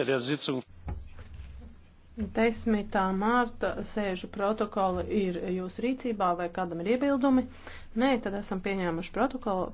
10. mārta sēžu protokoli ir jūsu rīcībā vai kādam ir iebildumi? Nē, tad esam pieņēmuši protokolu.